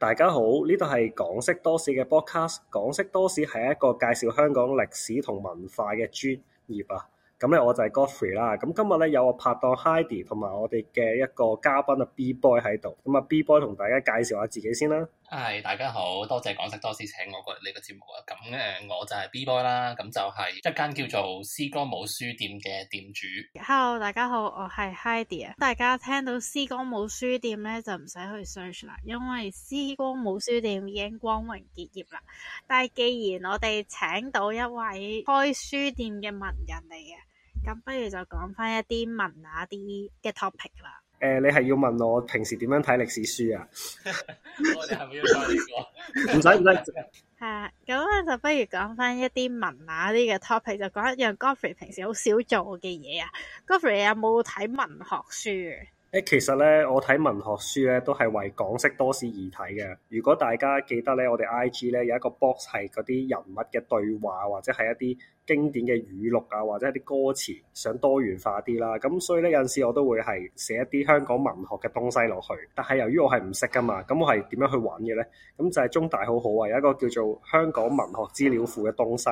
大家好，呢度係港識多史嘅 podcast 港識多史係一個介紹香港歷史同文化嘅專業啊。咁咧我就係 Godfrey 啦。咁今日咧有個拍檔 Hadiee 同埋我哋嘅一個嘉賓啊，B Boy 喺度。咁啊，B Boy 同大家介紹下自己先啦。係，大家好，多謝港識多史請我過嚟呢個節目啊，咁誒，我就係 B boy 啦，咁就係一間叫做詩歌舞書店嘅店主。Hello，大家好，我係 Hadiee 啊。大家聽到詩歌舞書店咧，就唔使去 search 啦，因為詩歌舞書店已經光榮結業啦。但係既然我哋請到一位開書店嘅文人嚟嘅，咁不如就講翻一啲文雅啲嘅 topic 啦。誒、呃，你係要問我平時點樣睇歷史書啊？我哋係咪要睇歷史？唔使唔使。係 啊，咁啊，就不如講翻一啲文雅啲嘅 topic，就講一樣 Godfrey 平時好少做嘅嘢啊。Godfrey 有冇睇文學書？誒、欸，其實咧，我睇文學書咧，都係為港式多士而睇嘅。如果大家記得咧，我哋 IG 咧有一個 box 係嗰啲人物嘅對話，或者係一啲。經典嘅語錄啊，或者一啲歌詞，想多元化啲啦，咁所以咧有陣時我都會係寫一啲香港文學嘅東西落去。但係由於我係唔識㗎嘛，咁我係點樣去揾嘅呢？咁就係中大好好啊，有一個叫做香港文學資料庫嘅東西，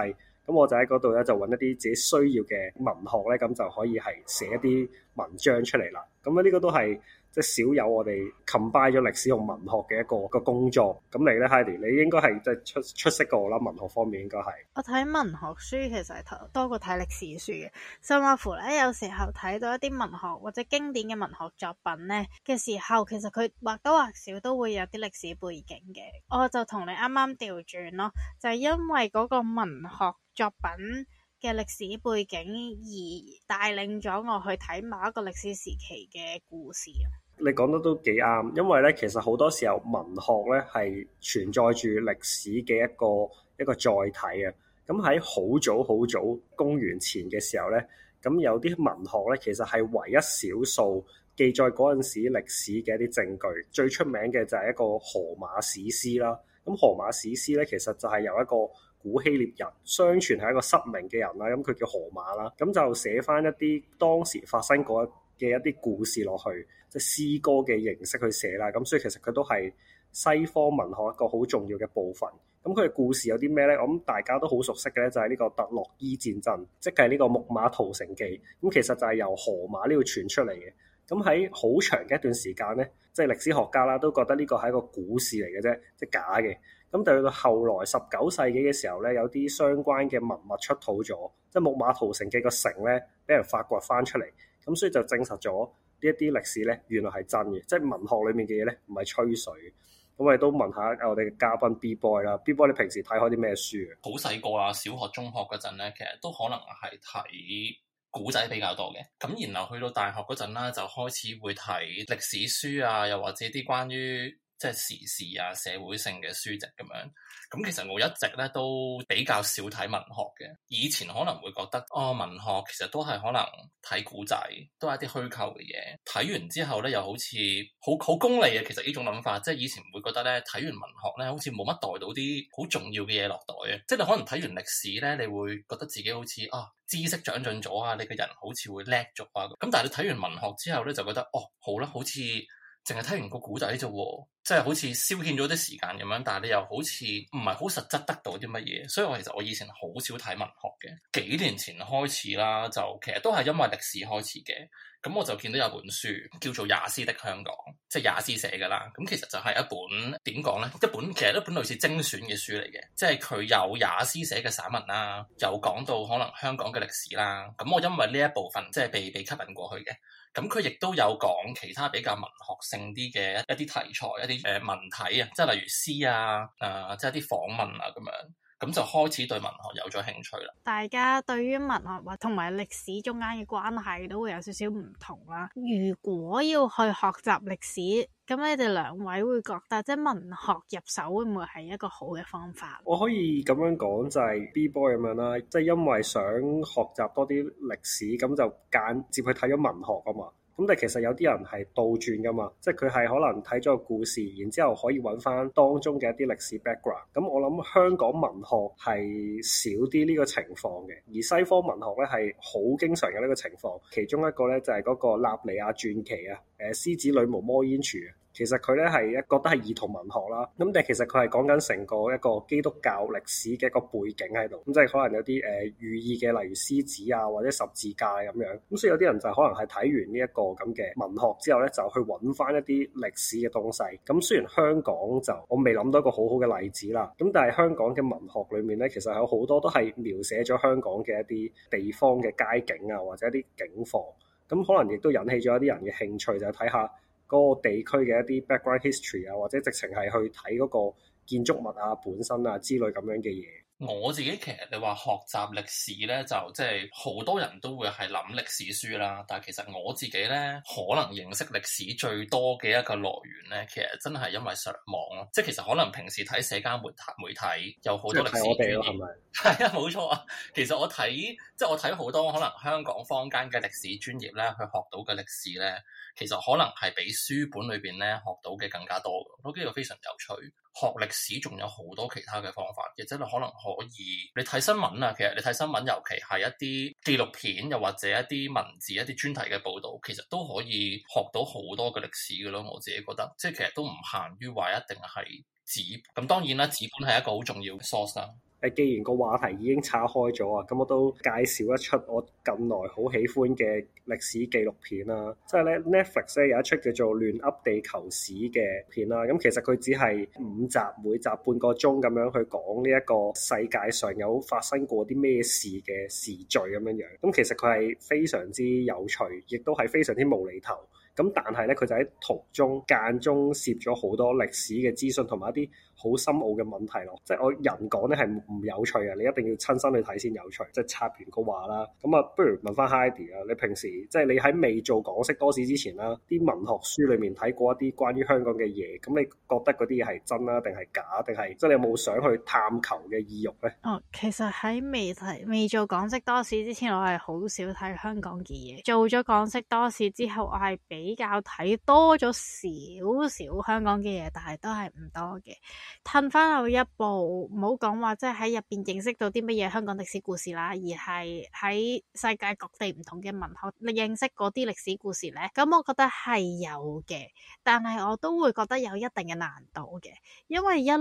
咁我就喺嗰度咧就揾一啲自己需要嘅文學呢，咁就可以係寫一啲文章出嚟啦。咁咧呢個都係。即少有我哋 combine 咗歷史同文學嘅一個個工作，咁你呢，Hadiee，你應該係即係出出色過我啦，文學方面應該係。我睇文學書其實係多，多過睇歷史書嘅，甚至乎呢，有時候睇到一啲文學或者經典嘅文學作品呢嘅時候，其實佢或多或少都會有啲歷史背景嘅。我就同你啱啱調轉咯，就係、是、因為嗰個文學作品嘅歷史背景而帶領咗我去睇某一個歷史時期嘅故事。你講得都幾啱，因為咧，其實好多時候文學咧係存在住歷史嘅一個一個載體啊。咁喺好早好早公元前嘅時候咧，咁有啲文學咧，其實係唯一少數記載嗰陣時歷史嘅一啲證據。最出名嘅就係一個荷馬史詩啦。咁荷馬史詩咧，其實就係由一個古希臘人，相傳係一個失明嘅人啦。咁佢叫荷馬啦，咁就寫翻一啲當時發生過嘅一啲故事落去。詩歌嘅形式去寫啦，咁所以其實佢都係西方文學一個好重要嘅部分。咁佢嘅故事有啲咩呢？咁我諗大家都好熟悉嘅就係呢個特洛伊戰爭，即係呢個木馬屠城記。咁其實就係由荷馬呢度傳出嚟嘅。咁喺好長嘅一段時間呢，即係歷史學家啦，都覺得呢個係一個故事嚟嘅啫，即係假嘅。咁到佢後來十九世紀嘅時候呢，有啲相關嘅文物出土咗，即係木馬屠城記個城呢，俾人發掘翻出嚟，咁所以就證實咗。呢一啲歷史咧，原來係真嘅，即係文學裏面嘅嘢咧，唔係吹水。咁我哋都問下我哋嘅嘉賓 B-Boy 啦，B-Boy 你平時睇開啲咩書？好細個啊，小學、中學嗰陣咧，其實都可能係睇古仔比較多嘅。咁然後去到大學嗰陣啦，就開始會睇歷史書啊，又或者啲關於～即係時事啊，社會性嘅書籍咁樣，咁其實我一直咧都比較少睇文學嘅。以前可能會覺得，哦，文學其實都係可能睇古仔，都係一啲虛構嘅嘢。睇完之後咧，又好似好好功利啊。其實呢種諗法，即係以前唔會覺得咧，睇完文學咧，好似冇乜袋到啲好重要嘅嘢落袋啊。即係你可能睇完歷史咧，你會覺得自己好似啊、哦，知識長進咗啊，你個人好似會叻咗啊。咁但係你睇完文學之後咧，就覺得哦，好啦，好似。淨係睇完個古仔啫喎，即係好似消遣咗啲時間咁樣，但係你又好似唔係好實質得到啲乜嘢，所以我其實我以前好少睇文學嘅。幾年前開始啦，就其實都係因為歷史開始嘅。咁我就見到有本書叫做《也斯的香港》，即係也斯寫嘅啦。咁其實就係一本點講咧？一本其實都一本類似精選嘅書嚟嘅，即係佢有也斯寫嘅散文啦，有講到可能香港嘅歷史啦。咁我因為呢一部分即係被被吸引過去嘅。咁佢亦都有講其他比較文學性啲嘅一啲題材、一啲誒文體啊，即係例如詩啊、誒、呃，即係一啲訪問啊咁樣。咁就開始對文學有咗興趣啦。大家對於文學或同埋歷史中間嘅關係都會有少少唔同啦，啊。如果要去學習歷史，咁你哋兩位會覺得即係文學入手會唔會係一個好嘅方法？我可以咁樣講就係、是、B-Boy 咁樣啦，即、就、係、是、因為想學習多啲歷史，咁就間接去睇咗文學啊嘛。咁但其實有啲人係倒轉㗎嘛，即係佢係可能睇咗個故事，然之後可以揾翻當中嘅一啲歷史 background。咁、嗯、我諗香港文學係少啲呢個情況嘅，而西方文學咧係好經常有呢個情況。其中一個咧就係、是、嗰個納尼亞傳奇啊，誒獅子女巫魔煙柱啊。其實佢咧係一覺得係兒童文學啦，咁但係其實佢係講緊成個一個基督教歷史嘅一個背景喺度，咁即係可能有啲誒寓意嘅，例如獅子啊或者十字架咁樣。咁所以有啲人就可能係睇完呢一個咁嘅文學之後咧，就去揾返一啲歷史嘅東西。咁雖然香港就我未諗到一個好好嘅例子啦，咁但係香港嘅文學裏面咧，其實有好多都係描寫咗香港嘅一啲地方嘅街景啊或者一啲景況，咁可能亦都引起咗一啲人嘅興趣，就係睇下個地區嘅一啲 background history 啊，或者直情係去睇個建築物啊本身啊之類咁樣嘅嘢。我自己其實你話學習歷史咧，就即係好多人都會係諗歷史書啦。但係其實我自己咧，可能認識歷史最多嘅一個來源咧，其實真係因為上網咯。即係其實可能平時睇社交媒媒體，媒體有好多歷史專業，係咪？係啊，冇錯啊。其實我睇即係我睇好多可能香港坊間嘅歷史專業咧，去學到嘅歷史咧，其實可能係比書本裏邊咧學到嘅更加多。我覺得非常有趣。學歷史仲有好多其他嘅方法，亦即係可能可以，你睇新聞啊，其實你睇新聞，尤其係一啲紀錄片，又或者一啲文字、一啲專題嘅報導，其實都可以學到好多嘅歷史嘅咯。我自己覺得，即係其實都唔限於話一定係紙。咁當然啦，紙本係一個好重要嘅 source。既然個話題已經拆開咗啊，咁我都介紹一出我近來好喜歡嘅歷史紀錄片啦。即係咧，Netflix 咧有一出叫做《亂噏地球史》嘅片啦。咁其實佢只係五集，每集半個鐘咁樣去講呢一個世界上有發生過啲咩事嘅時序咁樣樣。咁其實佢係非常之有趣，亦都係非常之無厘頭。咁但係咧，佢就喺途中間中攝咗好多歷史嘅資訊同埋一啲。好深奧嘅問題咯，即係我人講咧係唔有趣嘅，你一定要親身去睇先有趣。即係插完個話啦，咁啊，不如問翻 Heidi 啊。你平時即係你喺未做港識多史之前啦，啲文學書裡面睇過一啲關於香港嘅嘢，咁你覺得嗰啲嘢係真呀，定係假，定係即係你有冇想去探求嘅意欲呢？哦，其實喺未提未做港識多史之前，我係好少睇香港嘅嘢。做咗港識多史之後，我係比較睇多咗少少香港嘅嘢，但係都係唔多嘅。褪翻後一步，唔好講話即係喺入邊認識到啲乜嘢香港歷史故事啦，而係喺世界各地唔同嘅文學，你認識嗰啲歷史故事咧，咁我覺得係有嘅，但係我都會覺得有一定嘅難度嘅，因為一來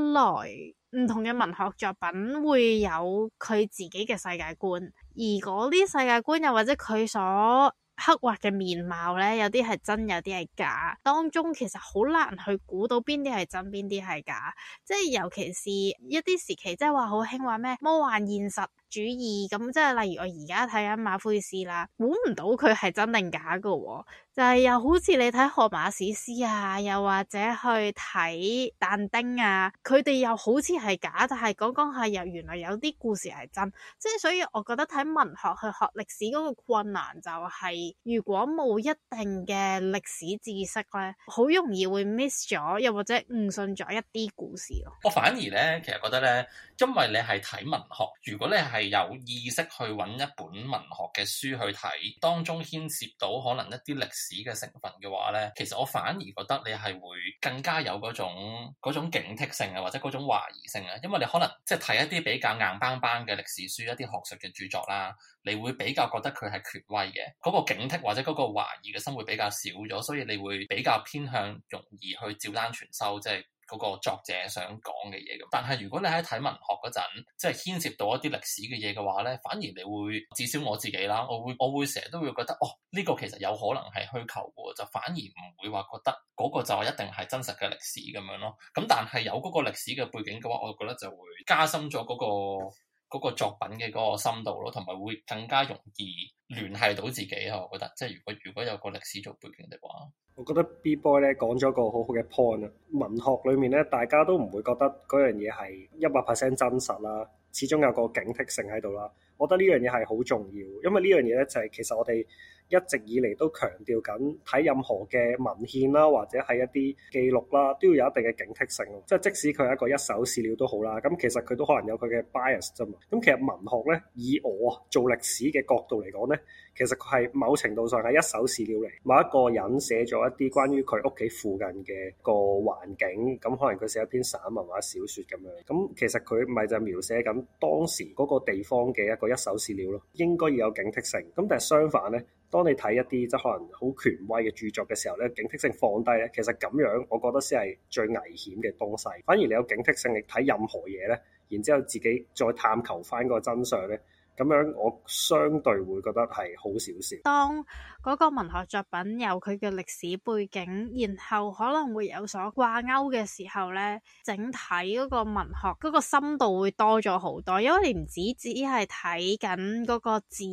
唔同嘅文學作品會有佢自己嘅世界觀，而嗰啲世界觀又或者佢所。刻畫嘅面貌咧，有啲係真，有啲係假，當中其實好難去估到邊啲係真，邊啲係假，即尤其是一啲時期，即係話好興話咩魔幻現實。主義咁即係，例如我而家睇緊馬奎斯啦，估唔到佢係真定假噶，就係又好似你睇荷馬史詩啊，又或者去睇但丁啊，佢哋又好似係假，但係講講下又原來有啲故事係真，即係所以我覺得睇文學去學歷史嗰個困難就係，如果冇一定嘅歷史知識咧，好容易會 miss 咗，又或者誤信咗一啲故事咯。我反而咧，其實覺得咧，因為你係睇文學，如果你係。有意識去揾一本文學嘅書去睇，當中牽涉到可能一啲歷史嘅成分嘅話呢，其實我反而覺得你係會更加有嗰種嗰種警惕性啊，或者嗰種懷疑性啊，因為你可能即係睇一啲比較硬邦邦嘅歷史書、一啲學術嘅著作啦，你會比較覺得佢係權威嘅，嗰個警惕或者嗰個懷疑嘅心會比較少咗，所以你會比較偏向容易去照單全收，即係。嗰個作者想講嘅嘢咁，但係如果你喺睇文學嗰陣，即係牽涉到一啲歷史嘅嘢嘅話咧，反而你會至少我自己啦，我會我會成日都會覺得，哦，呢個其實有可能係虛構嘅，就反而唔會話覺得嗰個就一定係真實嘅歷史咁樣咯。咁但係有嗰個歷史嘅背景嘅話，我覺得就會加深咗嗰個嗰個作品嘅嗰個深度咯，同埋會更加容易聯繫到自己。我覺得即係如果如果有個歷史做背景嘅話。我覺得 B-Boy 咧講咗個好好嘅 point 啊，文學裏面咧大家都唔會覺得嗰樣嘢係一百 percent 真實啦，始終有個警惕性喺度啦。我覺得呢樣嘢係好重要，因為呢樣嘢咧就係、是、其實我哋一直以嚟都強調緊睇任何嘅文獻啦、啊，或者係一啲記錄啦、啊，都要有一定嘅警惕性。即係即使佢係一個一手史料都好啦，咁其實佢都可能有佢嘅 bias 啫嘛。咁其實文學咧，以我做歷史嘅角度嚟講咧。其實佢係某程度上係一手史料嚟，某一個人寫咗一啲關於佢屋企附近嘅個環境，咁可能佢寫一篇散文或者小説咁樣，咁其實佢咪就描寫緊當時嗰個地方嘅一個一手史料咯，應該要有警惕性。咁但係相反呢，當你睇一啲即係可能好權威嘅著作嘅時候呢，警惕性放低呢，其實咁樣我覺得先係最危險嘅東西。反而你有警惕性你睇任何嘢呢，然之後自己再探求翻個真相呢。咁樣我相對會覺得係好少少。嗰個文學作品有佢嘅歷史背景，然後可能會有所掛鈎嘅時候咧，整體嗰個文學嗰個深度會多咗好多，因為你唔止只係睇緊嗰個字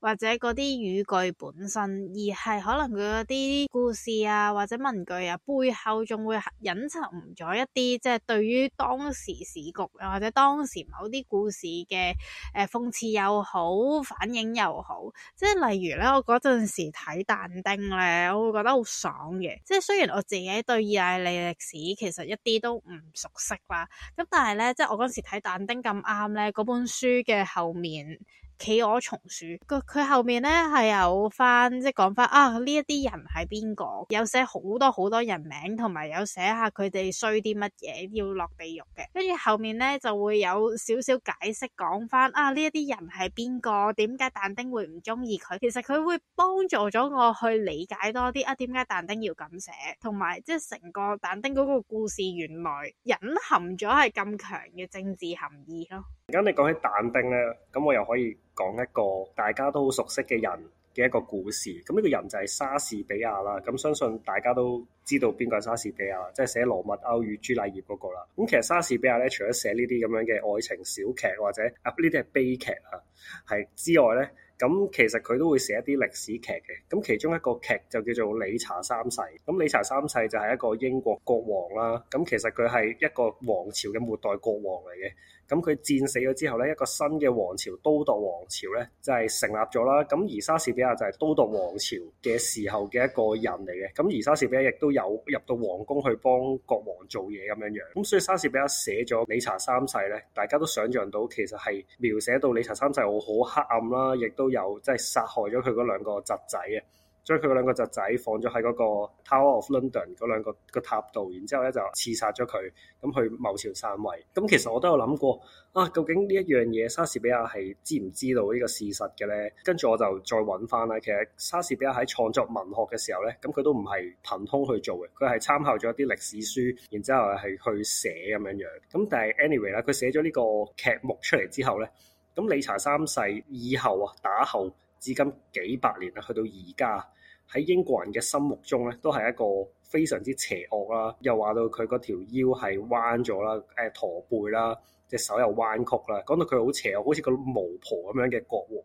或者嗰啲語句本身，而係可能佢嗰啲故事啊或者文具啊背後仲會隱藏咗一啲，即係對於當時時局又或者當時某啲故事嘅誒諷刺又好，反映又好，即係例如咧，我嗰陣時睇但丁咧，我會覺得好爽嘅。即係雖然我自己對意大利歷史其實一啲都唔熟悉啦，咁但係咧，即係我嗰時睇但丁咁啱咧，嗰本書嘅後面。企鵝松鼠佢佢後邊咧係有翻，即係講翻啊呢一啲人係邊個，有寫好多好多人名，同埋有寫下佢哋衰啲乜嘢要落地獄嘅，跟住後，後面呢，就會有少少解釋講翻啊呢一啲人係邊個，點解但丁會唔中意佢，其實佢會幫助咗我去理解多啲啊點解但丁要咁寫，同埋即係成個但丁嗰個故事原來隱含咗係咁強嘅政治含義咯。而家你講起淡定咧，咁我又可以講一個大家都好熟悉嘅人嘅一個故事。咁呢個人就係莎士比亞啦。咁相信大家都知道邊個係莎士比亞，即係寫《羅密歐與朱麗葉》嗰個啦。咁其實莎士比亞咧，除咗寫呢啲咁樣嘅愛情小劇或者啊呢啲係悲劇啊係之外咧，咁其實佢都會寫一啲歷史劇嘅。咁其中一個劇就叫做《理查三世》。咁《理查三世》就係一個英國國王啦。咁其實佢係一個王朝嘅末代國王嚟嘅。咁佢戰死咗之後咧，一個新嘅王朝——都鐸王朝咧，就係、是、成立咗啦。咁而莎士比亞就係都鐸王朝嘅時候嘅一個人嚟嘅。咁而莎士比亞亦都有入到皇宮去幫國王做嘢咁樣樣。咁所以莎士比亞寫咗《理查三世》咧，大家都想像到其實係描寫到理查三世好黑暗啦，亦都有即係、就是、殺害咗佢嗰兩個侄仔嘅。將佢嗰兩個侄仔放咗喺嗰個 Tower of London 嗰兩個個塔度，然之後咧就刺殺咗佢，咁去謀朝篡位。咁其實我都有諗過啊，究竟呢一樣嘢莎士比亞係知唔知道呢個事實嘅咧？跟住我就再揾翻啦。其實莎士比亞喺創作文學嘅時候咧，咁佢都唔係憑空去做嘅，佢係參考咗一啲歷史書，然之後係去寫咁樣樣。咁但係 anyway 啦，佢寫咗呢個劇目出嚟之後咧，咁理查三世以後啊，打後。至今幾百年啦，去到而家喺英國人嘅心目中咧，都係一個非常之邪惡啦。又話到佢嗰條腰係彎咗啦，誒、呃，駝背啦，隻手又彎曲啦，講到佢好邪惡，好似個巫婆咁樣嘅國王。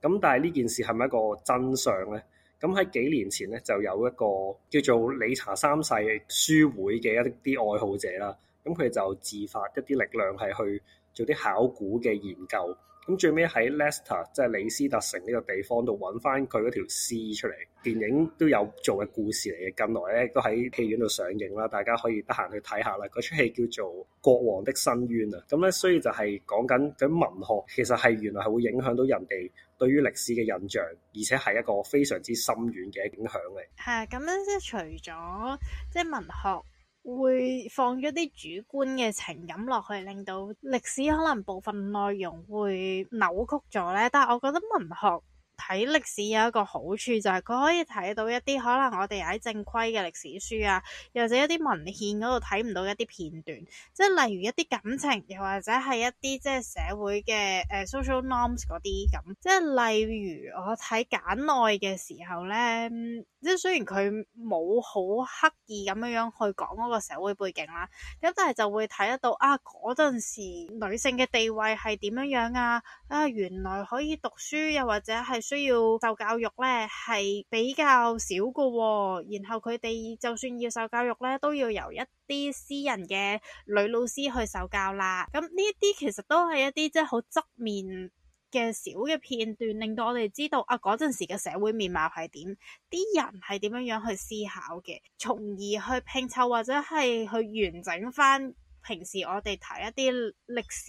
咁但係呢件事係咪一個真相咧？咁喺幾年前咧，就有一個叫做理查三世書會嘅一啲愛好者啦，咁佢就自發一啲力量係去。做啲考古嘅研究，咁最尾喺 Leicester 即係李斯特城呢個地方度揾翻佢嗰條屍出嚟。電影都有做嘅故事嚟嘅，近來咧都喺戲院度上映啦，大家可以得閒去睇下啦。嗰出戲叫做《國王的深淵》啊，咁咧所以就係講緊，咁文學其實係原來係會影響到人哋對於歷史嘅印象，而且係一個非常之深遠嘅影響嚟。係咁樣，即係除咗即係文學。會放咗啲主觀嘅情感落去，令到歷史可能部分內容會扭曲咗咧。但係我覺得文學睇歷史有一個好處就係、是、佢可以睇到一啲可能我哋喺正規嘅歷史書啊，又或者一啲文獻嗰度睇唔到一啲片段，即係例如一啲感情，又或者係一啲即係社會嘅誒、呃、social norms 嗰啲咁。即係例如我睇簡愛嘅時候呢，嗯、即係雖然佢冇好刻意咁樣樣去講嗰個社會背景啦，咁但係就會睇得到啊，嗰陣時女性嘅地位係點樣樣啊，啊原來可以讀書，又或者係。需要受教育呢，係比較少嘅喎。然後佢哋就算要受教育呢，都要由一啲私人嘅女老師去受教啦。咁呢一啲其實都係一啲即係好側面嘅小嘅片段，令到我哋知道啊，嗰陣時嘅社會面貌係點，啲人係點樣樣去思考嘅，從而去拼湊或者係去完整翻。平時我哋睇一啲歷史，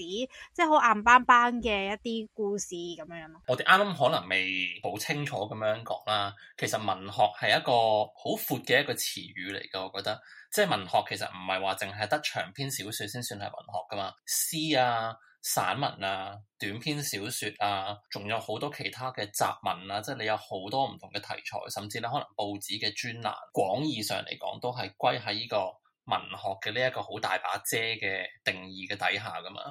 即係好硬邦邦嘅一啲故事咁樣咯。 我哋啱啱可能未好清楚咁樣講啦。其實文學係一個好闊嘅一個詞語嚟嘅，我覺得。即係文學其實唔係話淨係得長篇小說先算係文學噶嘛。詩啊、散文啊、短篇小說啊，仲有好多其他嘅雜文啊。即係你有好多唔同嘅題材，甚至咧可能報紙嘅專欄，廣義上嚟講都係歸喺呢個文學嘅呢一個好大把遮嘅定義嘅底下㗎嘛，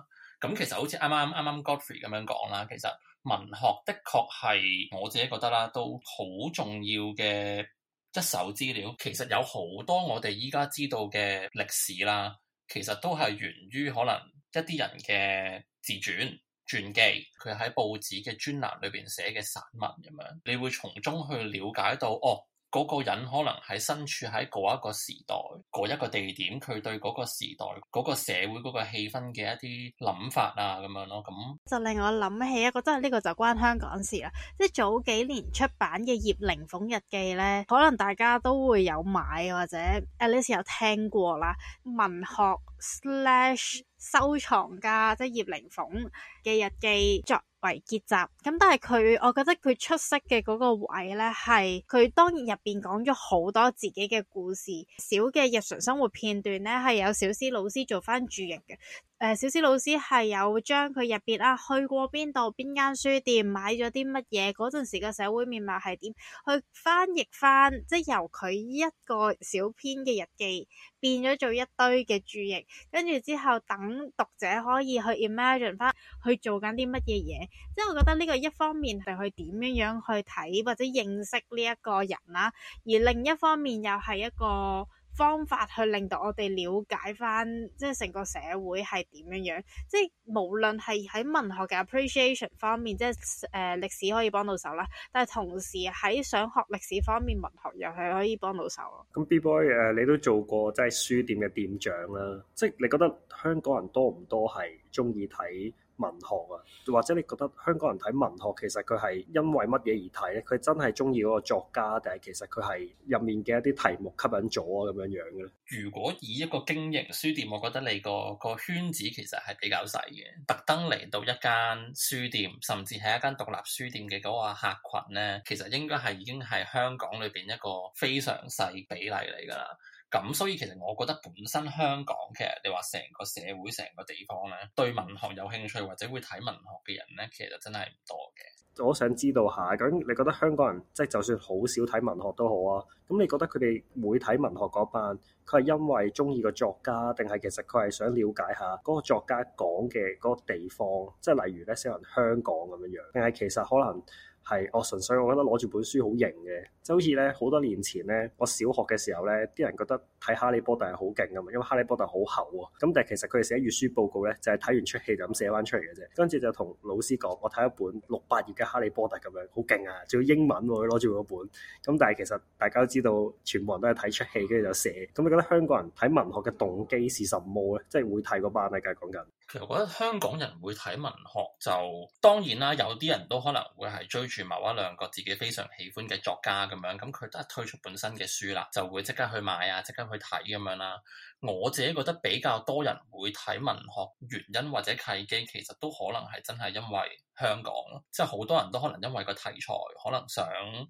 咁其實好似啱啱啱啱 Godfrey 咁樣講啦，其實文學的確係我自己覺得啦，都好重要嘅一手資料。其實有好多我哋依家知道嘅歷史啦，其實都係源於可能一啲人嘅自傳、傳記，佢喺報紙嘅專欄裏邊寫嘅散文咁樣，你會從中去了解到哦。嗰個人可能喺身處喺嗰一個時代、嗰一個地點，佢對嗰個時代、嗰個社會、嗰個氣氛嘅一啲諗法啊，咁樣咯，咁就令我諗起一個真係呢個就關香港事啦。即係早幾年出版嘅葉靈鳳日記咧，可能大家都會有買或者 at least 有聽過啦。文學 slash 收藏家即係葉靈鳳嘅日記作。為結集咁，但係佢，我覺得佢出色嘅嗰個位呢，係佢當然入邊講咗好多自己嘅故事，小嘅日常生活片段呢，係有小思老師做翻注譯嘅。誒、呃，小思老師係有將佢入邊啊去過邊度、邊間書店買咗啲乜嘢，嗰陣時嘅社會面貌係點，去翻譯翻，即、就、係、是、由佢一個小篇嘅日記變咗做一堆嘅注譯，跟住之後等讀者可以去 imagine 翻去做緊啲乜嘢嘢。即係我覺得呢個一方面係去點樣樣去睇或者認識呢一個人啦、啊，而另一方面又係一個方法去令到我哋了解翻，即係成個社會係點樣樣。即係無論係喺文學嘅 appreciation 方面，即係，誒歷史可以幫到手啦、啊。但係同時喺想學歷史方面，文學又係可以幫到手，啊。咁 B-Boy 誒，你都做過即係書店嘅店長啦、啊，即係你覺得香港人多唔多係中意睇？文學啊，或者你覺得香港人睇文學其實佢係因為乜嘢而睇咧？佢真係中意嗰個作家，定係其實佢係入面嘅一啲題目吸引咗咁樣樣嘅咧？如果以一個經營書店，我覺得你個個圈子其實係比較細嘅。特登嚟到一間書店，甚至係一間獨立書店嘅嗰個客群咧，其實應該係已經係香港裏邊一個非常細比例嚟㗎啦。咁所以其實我覺得本身香港其實你話成個社會成個地方咧，對文學有興趣或者會睇文學嘅人咧，其實真係唔多嘅。我想知道下，咁你覺得香港人即係就算好少睇文學都好啊？咁你覺得佢哋會睇文學嗰班，佢係因為中意個作家，定係其實佢係想了解下嗰個作家講嘅嗰個地方？即係例如咧，小人香港咁樣樣，定係其實可能？係我純粹我覺得攞住本書好型嘅，即係好似咧好多年前咧，我小學嘅時候咧，啲人覺得睇哈利波特係好勁㗎嘛，因為哈利波特好厚喎，咁但係其實佢哋寫閲書報告咧，就係、是、睇完出戲就咁寫翻出嚟嘅啫。跟住就同老師講，我睇一本六百頁嘅哈利波特咁樣，好勁啊，仲要英文喎、啊，攞住嗰本。咁但係其實大家都知道，全部人都係睇出戲，跟住就寫。咁你覺得香港人睇文學嘅動機是什麼咧？即係會睇嗰班咧、啊，而家講緊。其實我覺得香港人會睇文學就當然啦，有啲人都可能會係追住某一兩個自己非常喜歡嘅作家咁樣，咁佢一推出本身嘅書啦，就會即刻去買啊，即刻去睇咁樣啦。我自己覺得比較多人會睇文學原因、或者契機，其實都可能係真係因為香港咯，即係好多人都可能因為個題材，可能想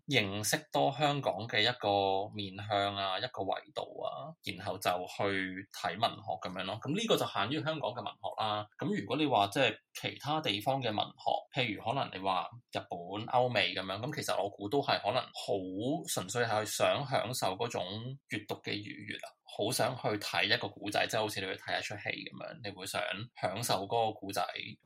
認識多香港嘅一個面向啊，一個維度啊，然後就去睇文學咁樣咯。咁、嗯、呢、這個就限於香港嘅文學啦。咁、嗯、如果你話即係其他地方嘅文學，譬如可能你話日本、歐美咁樣，咁、嗯、其實我估都係可能好純粹係去想享受嗰種閱讀嘅愉悅啊。好想去睇一個古仔，即係好似你會睇一出戲咁樣，你會想享受嗰個古仔。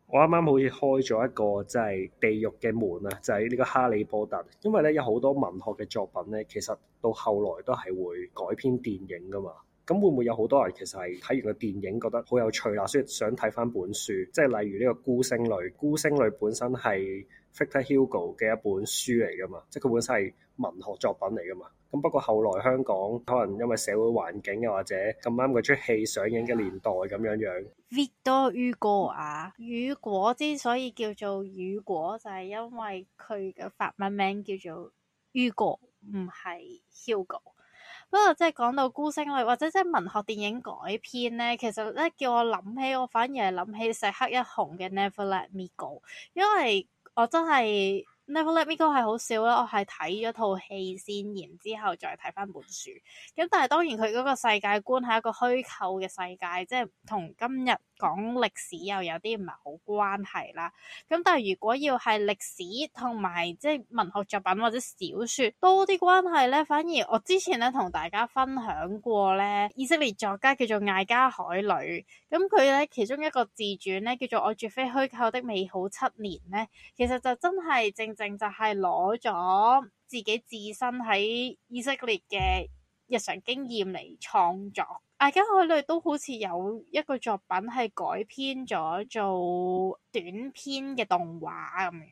我啱啱好似開咗一個即係地獄嘅門啊！就喺呢個《哈利波特》，因為咧有好多文學嘅作品咧，其實到後來都係會改編電影噶嘛。咁會唔會有好多人其實係睇完個電影覺得好有趣啦，所以想睇翻本書？即係例如呢個《孤星淚》，《孤星淚》本身係《Victor Hugo》嘅一本書嚟噶嘛，即係佢本身係文學作品嚟噶嘛。咁不過後來香港，可能因為社會環境，又或者咁啱佢出戲上映嘅年代咁樣樣。Victor Hugo 啊，雨果之所以叫做雨果，就係因為佢嘅法文名叫做 Hugo，唔係 Hugo。不過即係講到孤星淚，或者即係文學電影改編咧，其實咧叫我諗起，我反而係諗起石黑一雄嘅《Never Let Me Go》，因為我真係～Never Let Me Go，呢個係好少啦，我係睇咗套戲先，然之後再睇翻本書，咁但係當然佢嗰個世界觀係一個虛構嘅世界，即係同今日講歷史又有啲唔係好關係啦。咁但係如果要係歷史同埋即係文學作品或者小說多啲關係咧，反而我之前咧同大家分享過咧，以色列作家叫做艾加海里，咁佢咧其中一個自傳咧叫做《我絕非虛構的美好七年》咧，其實就真係正。正就係攞咗自己自身喺以色列嘅日常經驗嚟創作，大家去里都好似有一個作品係改編咗做短篇嘅動畫咁。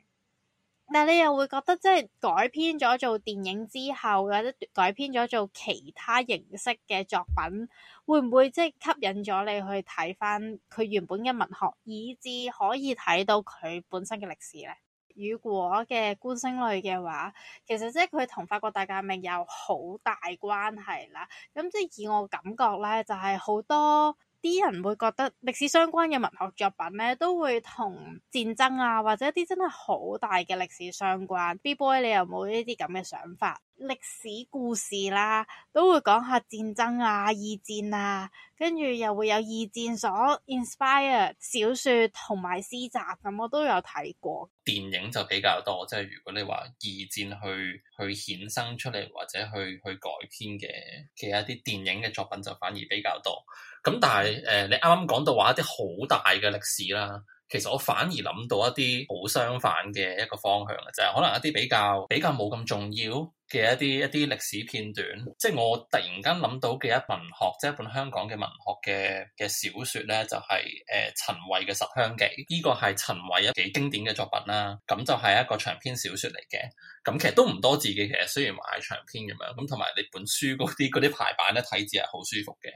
但係你又會覺得，即係改編咗做電影之後，或者改編咗做其他形式嘅作品，會唔會即係吸引咗你去睇翻佢原本嘅文學，以至可以睇到佢本身嘅歷史呢？雨果嘅孤星淚嘅話，其實即係佢同法國大革命有好大關係啦。咁即係以我感覺咧，就係、是、好多啲人會覺得歷史相關嘅文學作品咧，都會同戰爭啊，或者啲真係好大嘅歷史相關。B-Boy，你有冇呢啲咁嘅想法？歷史故事啦，都會講下戰爭啊、二戰啊，跟住又會有二戰所 inspire 小説同埋詩集咁，我都有睇過。電影就比較多，即係如果你話二戰去去衍生出嚟或者去去改編嘅嘅，其實一啲電影嘅作品就反而比較多。咁但係誒、呃，你啱啱講到話一啲好大嘅歷史啦。其實我反而諗到一啲好相反嘅一個方向嘅，就係、是、可能一啲比較比較冇咁重要嘅一啲一啲歷史片段。即係我突然間諗到嘅一本文學，即係一本香港嘅文學嘅嘅小說咧，就係誒陳慧嘅《拾香紀》。呢、這個係陳慧一幾經典嘅作品啦。咁就係一個長篇小說嚟嘅。咁其實都唔多字嘅，其實雖然話係長篇咁樣。咁同埋你本書嗰啲嗰啲排版咧，睇字係好舒服嘅。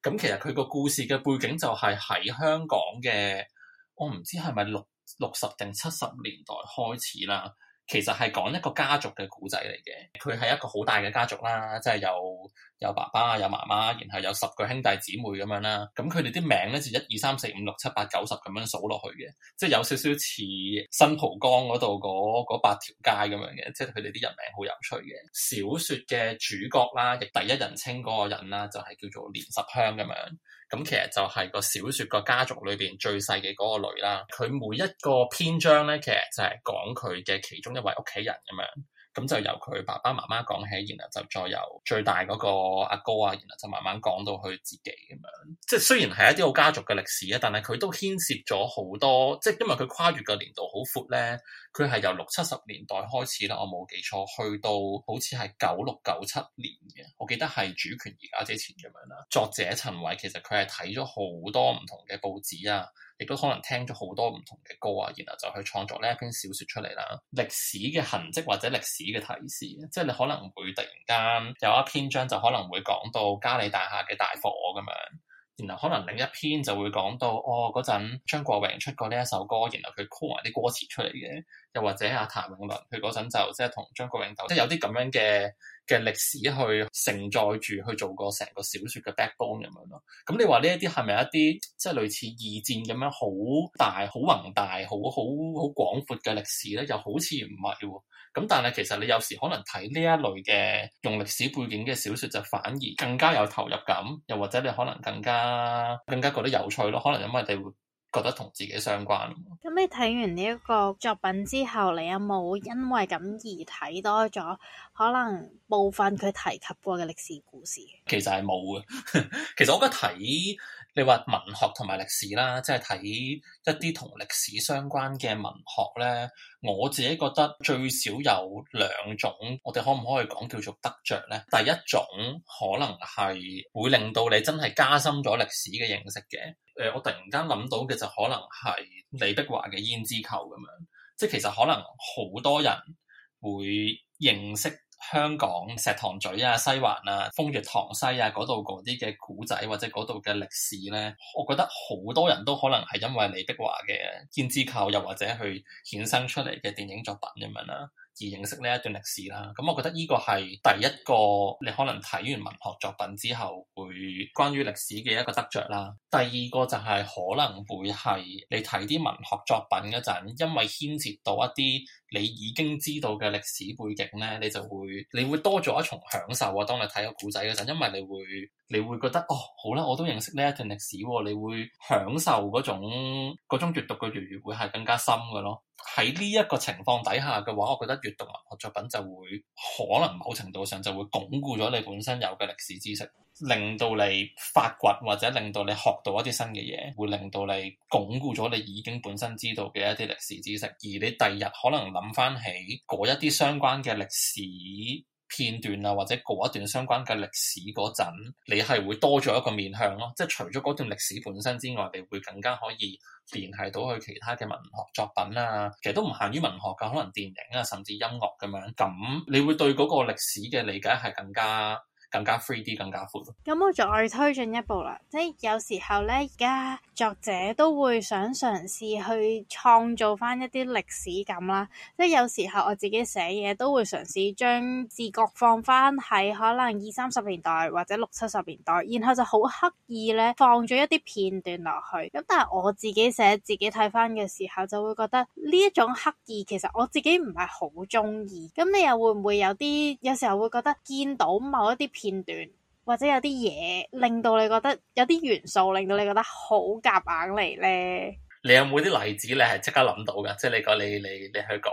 咁其實佢個故事嘅背景就係喺香港嘅。我唔知係咪六六十定七十年代開始啦，其實係講一個家族嘅古仔嚟嘅，佢係一個好大嘅家族啦，即係有。有爸爸啊，有媽媽，然後有十個兄弟姊妹咁樣啦。咁佢哋啲名咧就一二三四五六七八九十咁樣數落去嘅，即係有少少似新蒲崗嗰度嗰八條街咁樣嘅，即係佢哋啲人名好有趣嘅。小説嘅主角啦，亦第一人稱嗰個人啦，就係叫做連十香咁樣。咁其實就係個小説個家族裏邊最細嘅嗰個女啦。佢每一個篇章咧，其實就係講佢嘅其中一位屋企人咁樣。咁就由佢爸爸媽媽講起，然後就再由最大嗰個阿哥啊，然後就慢慢講到佢自己咁樣。即係雖然係一啲好家族嘅歷史啊，但係佢都牽涉咗好多。即係因為佢跨越嘅年度好闊咧，佢係由六七十年代開始啦，我冇記錯，去到好似係九六九七年嘅。我記得係主權移交之前咁樣啦。作者陳偉其實佢係睇咗好多唔同嘅報紙啊。亦都可能聽咗好多唔同嘅歌啊，然後就去創作呢一篇小説出嚟啦。歷史嘅痕跡或者歷史嘅提示，即係你可能會突然間有一篇章就可能會講到嘉利大廈嘅大火咁樣，然後可能另一篇就會講到哦嗰陣張國榮出過呢一首歌，然後佢 call 埋啲歌詞出嚟嘅，又或者阿譚詠麟佢嗰陣就張即係同張國榮鬥即係有啲咁樣嘅。嘅歷史去承載住去做個成個小説嘅 backbone 咁樣咯，咁你話呢一啲係咪一啲即係類似二戰咁樣好大、好宏大、好好好廣闊嘅歷史咧？又好似唔係喎，咁但係其實你有時可能睇呢一類嘅用歷史背景嘅小説，就反而更加有投入感，又或者你可能更加更加覺得有趣咯，可能因為你會。覺得同自己相關。咁你睇完呢一個作品之後，你有冇因為咁而睇多咗可能部分佢提及過嘅歷史故事？其實係冇嘅。 其實我覺得睇你話文學同埋歷史啦，即係睇一啲同歷史相關嘅文學咧，我自己覺得最少有兩種，我哋可唔可以講叫做得着咧？第一種可能係會令到你真係加深咗歷史嘅認識嘅。誒、呃，我突然間諗到嘅就可能係李碧華嘅《胭脂扣》咁樣，即係其實可能好多人會認識香港石塘咀啊、西環啊、風月塘西啊嗰度嗰啲嘅古仔或者嗰度嘅歷史咧，我覺得好多人都可能係因為李碧華嘅《胭脂扣》又或者去衍生出嚟嘅電影作品咁樣啦。而認識呢一段歷史啦，咁、嗯、我覺得呢個係第一個，你可能睇完文學作品之後，會關於歷史嘅一個得着啦。第二個就係、是、可能會係你睇啲文學作品嗰陣，因為牽涉到一啲。你已經知道嘅歷史背景咧，你就會，你會多咗一重享受啊！當你睇個故仔嘅時候，因為你會，你會覺得，哦，好啦，我都認識呢一段歷史喎、啊，你會享受嗰種，嗰種閱讀嘅愉悅會係更加深嘅咯。喺呢一個情況底下嘅話，我覺得閱讀文學作品就會可能某程度上就會鞏固咗你本身有嘅歷史知識。令到你發掘，或者令到你學到一啲新嘅嘢，會令到你鞏固咗你已經本身知道嘅一啲歷史知識。而你第二日可能諗翻起嗰一啲相關嘅歷史片段啊，或者嗰一段相關嘅歷史嗰陣，你係會多咗一個面向咯。即係除咗嗰段歷史本身之外，你會更加可以聯繫到去其他嘅文學作品啊。其實都唔限於文學㗎，可能電影啊，甚至音樂咁樣。咁你會對嗰個歷史嘅理解係更加更加 free 啲，更加闊咯。咁、嗯、我再推進一步啦，即係有時候呢，而家作者都會想嘗試去創造翻一啲歷史感啦。即係有時候我自己寫嘢都會嘗試將自覺放翻喺可能二三十年代或者六七十年代，然後就好刻意呢，放咗一啲片段落去。咁但係我自己寫自己睇翻嘅時候，就會覺得呢一種刻意，其實我自己唔係好中意。咁你又會唔會有啲？有時候會覺得見到某一啲片。片段或者有啲嘢令到你覺得，有啲元素令到你覺得好夾硬嚟咧，你有冇啲例子你係即刻諗到嘅？即係你講，你你你去講。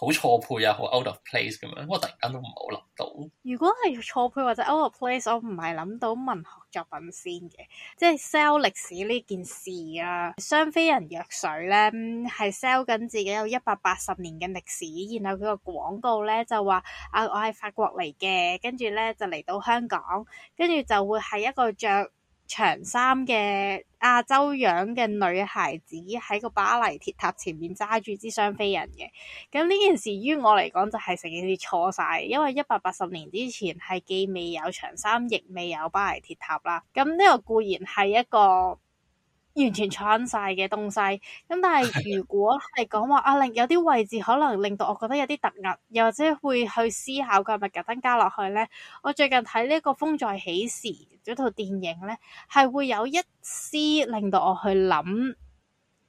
好錯配啊，好 out of place 咁樣，我突然間都唔好諗到。如果係錯配或者 out of place，我唔係諗到文學作品先嘅，即係 sell 歷史呢件事啊。雙飛人藥水咧係 sell 緊自己有一百八十年嘅歷史，然後佢個廣告咧就話啊，我係法國嚟嘅，跟住咧就嚟到香港，跟住就會係一個着。長衫嘅亞洲樣嘅女孩子喺個巴黎鐵塔前面揸住支雙飛人嘅，咁呢件事於我嚟講就係成件事錯晒，因為一百八十年之前係既未有長衫，亦未有巴黎鐵塔啦。咁呢個固然係一個完全穿晒嘅東西，咁但係如果係講話啊，令有啲位置可能令到我覺得有啲突兀，又或者會去思考佢係咪特登加落去呢。我最近睇呢個《風再起時》嗰套電影呢，係會有一絲令到我去諗，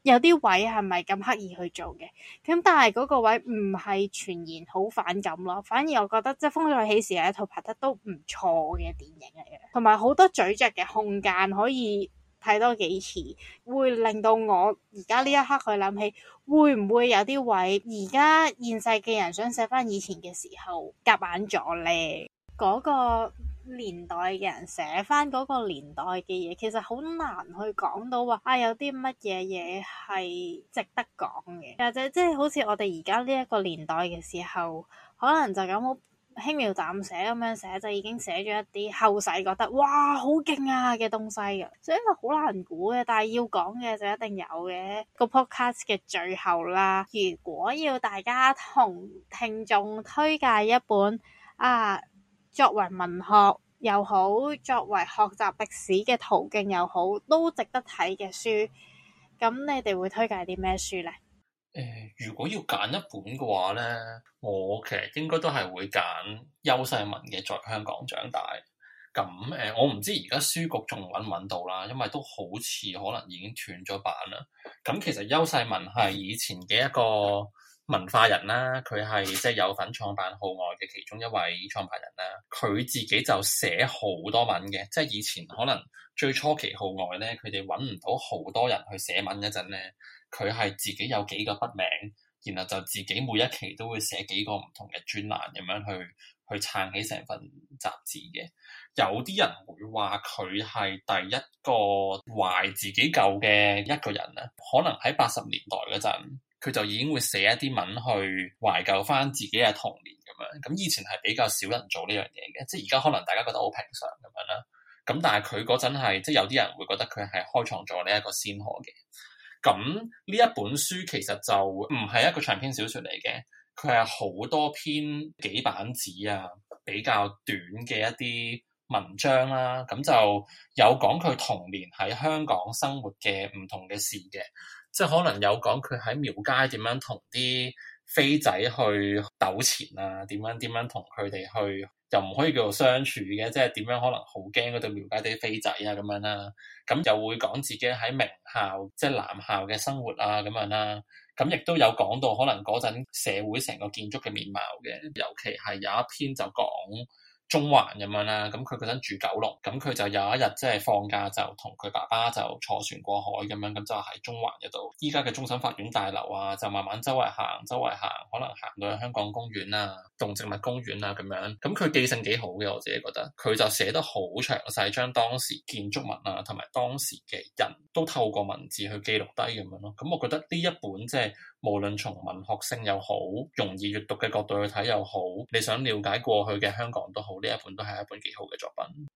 有啲位係咪咁刻意去做嘅？咁但係嗰個位唔係全然好反感咯，反而我覺得即係《風再起時》係一套拍得都唔錯嘅電影嚟嘅，同埋好多咀嚼嘅空間可以。睇多幾次會令到我而家呢一刻去諗起，會唔會有啲位而家現，現世嘅人想寫返以前嘅時候夾硬咗呢，嗰個年代嘅人寫返嗰個年代嘅嘢，其實好難去講到話啊，有啲乜嘢嘢係值得講嘅，或者即係好似我哋而家呢一個年代嘅時候，可能就咁輕描淡寫咁樣寫就已經寫咗一啲後世覺得哇好勁啊嘅東西嘅，所以好難估嘅。但係要講嘅就一定有嘅。個 Podcast 嘅最後啦。如果要大家同聽眾推介一本啊，作為文學又好，作為學習歷史嘅途徑又好，都值得睇嘅書，咁你哋會推介啲咩書呢？誒、呃，如果要揀一本嘅話咧，我其實應該都係會揀邱世文嘅《在香港長大》。咁、呃、誒，我唔知而家書局仲搵唔搵到啦，因為都好似可能已經斷咗版啦。咁其實邱世文係以前嘅一個文化人啦，佢係即係有份創辦號外嘅其中一位創辦人啦。佢自己就寫好多文嘅，即係以前可能最初期號外咧，佢哋搵唔到好多人去寫文嗰陣咧。佢係自己有幾個筆名，然後就自己每一期都會寫幾個唔同嘅專欄，咁樣去去撐起成份雜誌嘅。有啲人會話佢係第一個懷自己舊嘅一個人啊。可能喺八十年代嗰陣，佢就已經會寫一啲文去懷舊返自己嘅童年咁樣。咁以前係比較少人做呢樣嘢嘅，即係而家可能大家覺得好平常咁樣啦。咁但係佢嗰陣係，即係有啲人會覺得佢係開創咗呢一個先河嘅。咁呢一本書其實就唔係一個長篇小説嚟嘅，佢係好多篇幾版紙啊，比較短嘅一啲文章啦、啊。咁就有講佢童年喺香港生活嘅唔同嘅事嘅，即係可能有講佢喺廟街點樣同啲飛仔去鬥錢啊，點樣點樣同佢哋去。又唔可以叫做相處嘅，即係點樣可能好驚嗰度了解啲飛仔啊咁樣啦、啊，咁又會講自己喺名校，即係男校嘅生活啊咁樣啦、啊，咁亦都有講到可能嗰陣社會成個建築嘅面貌嘅，尤其係有一篇就講中環咁樣啦，咁佢嗰陣住九龍，咁佢就有一日即係放假就同佢爸爸就坐船過海咁樣，咁就喺中環嗰度。依家嘅終審法院大樓啊，就慢慢周圍行，周圍行，可能行到去香港公園啊、動植物公園啊咁樣。咁佢記性幾好嘅，我自己覺得，佢就寫得好詳細，將當時建築物啊同埋當時嘅人都透過文字去記錄低咁樣咯。咁我覺得呢一本即係無論從文學性又好，容易閱讀嘅角度去睇又好，你想了解過去嘅香港都好。呢一本都係一本幾好嘅作品。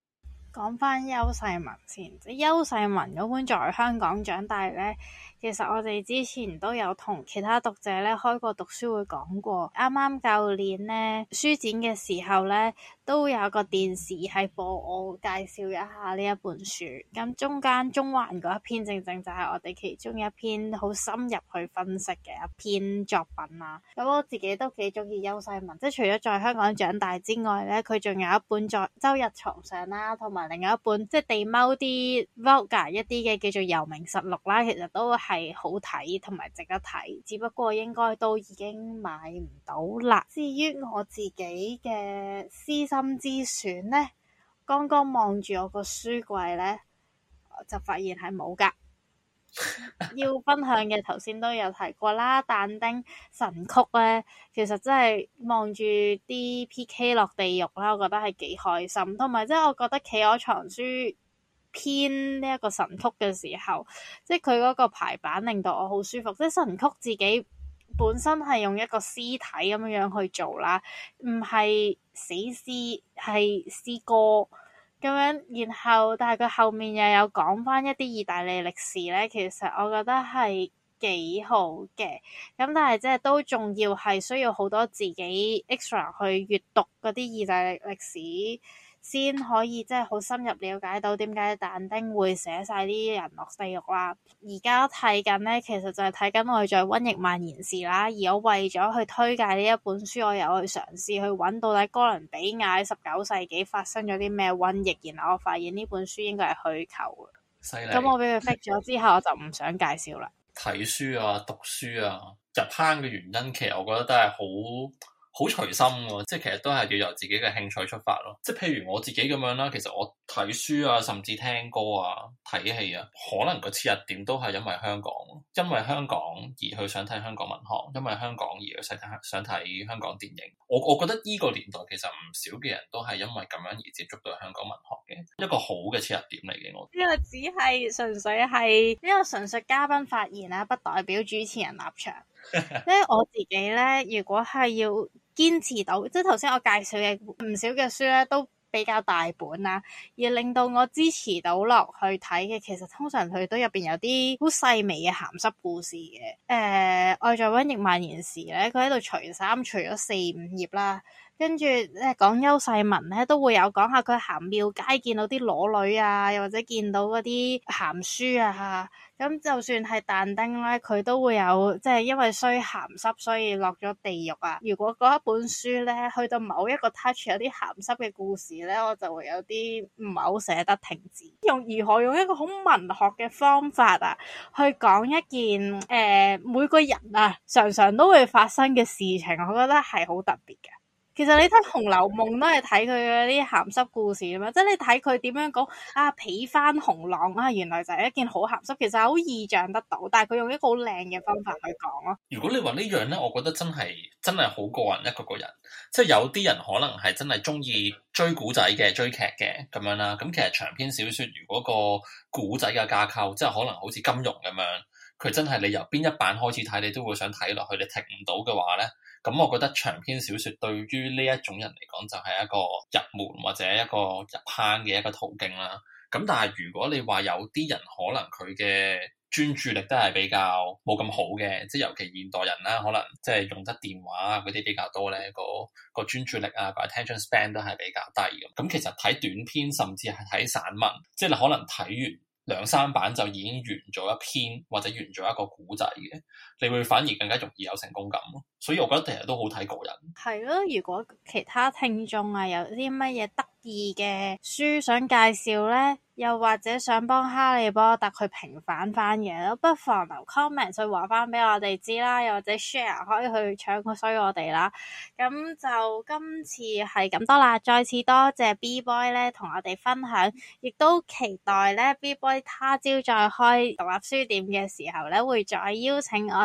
講返邱世文先，邱世文嗰本在香港長大咧。其實我哋之前都有同其他讀者咧開過讀書會講過。啱啱舊年咧書展嘅時候咧都有個電視係播我介紹一下呢一本書。咁中間中環嗰一篇正正就係我哋其中一篇好深入去分析嘅一篇作品啦。咁我自己都幾中意邱世文，即係除咗在香港長大之外咧，佢仲有一本在周日床上啦，同埋另外一本即係地踎啲 vulgar 一啲嘅叫做《遊名實錄》啦，其實都係。係好睇同埋值得睇，只不過應該都已經買唔到啦。至於我自己嘅私心之選呢，剛剛望住我個書櫃呢，就發現係冇噶。 要分享嘅頭先都有提過啦，《但丁神曲》呢，其實真係望住啲 PK 落地獄啦，我覺得係幾開心，同埋即係我覺得企鵝藏書。編呢一個神曲嘅時候，即係佢嗰個排版令到我好舒服。即係神曲自己本身係用一個詩體咁樣去做啦，唔係史詩，係詩歌咁樣。然後但係佢後面又有講翻一啲意大利歷史咧，其實我覺得係幾好嘅。咁但係即係都仲要係需要好多自己 extra 去閱讀嗰啲意大利歷史。先可以即係好深入了解到點解，但丁會寫晒啲人落地獄啦。而家睇緊咧，其實就係睇緊愛在瘟疫蔓延時啦。而我為咗去推介呢一本書，我又去嘗試去揾到底哥倫比亞喺十九世紀發生咗啲咩瘟疫，然後我發現呢本書應該係虛構嘅。咁害我俾佢 fix 咗之後， 我就唔想介紹啦。睇書啊，讀書啊，入坑嘅原因其實我覺得都係好。好隨心喎，即係其實都係要由自己嘅興趣出發咯。即係譬如我自己咁樣啦，其實我睇書啊，甚至聽歌啊、睇戲啊，可能個切入點都係因為香港，因為香港而去想睇香港文學，因為香港而去想睇香港電影。我我覺得呢個年代其實唔少嘅人都係因為咁樣而接觸到香港文學嘅一個好嘅切入點嚟嘅。我覺得呢個只係純粹係呢個純粹嘉賓發言啊，不代表主持人立場。咧 我自己咧，如果係要堅持到，即係頭先我介紹嘅唔少嘅書咧，都比較大本啦，而令到我支持到落去睇嘅，其實通常佢都入邊有啲好細微嘅鹹濕故事嘅。誒、呃，愛在瘟疫蔓延時咧，佢喺度除衫除咗四五頁啦，跟住咧講邱世文咧，都會有講下佢行廟街見到啲裸女啊，又或者見到嗰啲鹹書啊。咁就算係但丁咧，佢都會有即係因為衰鹹濕，所以落咗地獄啊！如果嗰一本書咧，去到某一個 touch 有啲鹹濕嘅故事咧，我就會有啲唔係好捨得停止。用如何用一個好文學嘅方法啊，去講一件誒、呃、每個人啊常常都會發生嘅事情，我覺得係好特別嘅。其實你睇《紅樓夢》都係睇佢嗰啲鹹濕故事啊嘛，即係你睇佢點樣講啊，被翻紅浪啊，原來就係一件好鹹濕，其實好意象得到，但係佢用一個好靚嘅方法去講咯。如果你話呢樣咧，我覺得真係真係好個人一個個人，即係有啲人可能係真係中意追古仔嘅、追劇嘅咁樣啦。咁其實長篇小說如果個古仔嘅架構，即係可能好似金庸咁樣，佢真係你由邊一版開始睇，你都會想睇落去，你停唔到嘅話咧。咁我覺得長篇小説對於呢一種人嚟講，就係一個入門或者一個入坑嘅一個途徑啦。咁但係如果你話有啲人可能佢嘅專注力都係比較冇咁好嘅，即係尤其現代人啦，可能即係用得電話嗰啲比較多咧，嗰個、嗰個專注力啊、嗰個 attention span 都係比較低咁。咁其實睇短篇甚至係睇散文，即係你可能睇完兩三版就已經完咗一篇或者完咗一個古仔嘅。你會反而更加容易有成功感，所以我覺得其實都好睇個人。係咯，如果其他聽眾啊有啲乜嘢得意嘅書想介紹呢，又或者想幫哈利波特去平反翻嘢，不妨留 comment 去話翻俾我哋知啦，又或者 share 可以去搶個衰我哋啦。咁就今次係咁多啦，再次多謝 B-Boy 咧同我哋分享，亦都期待咧 B-Boy 他朝再開獨立書店嘅時候咧會再邀請我。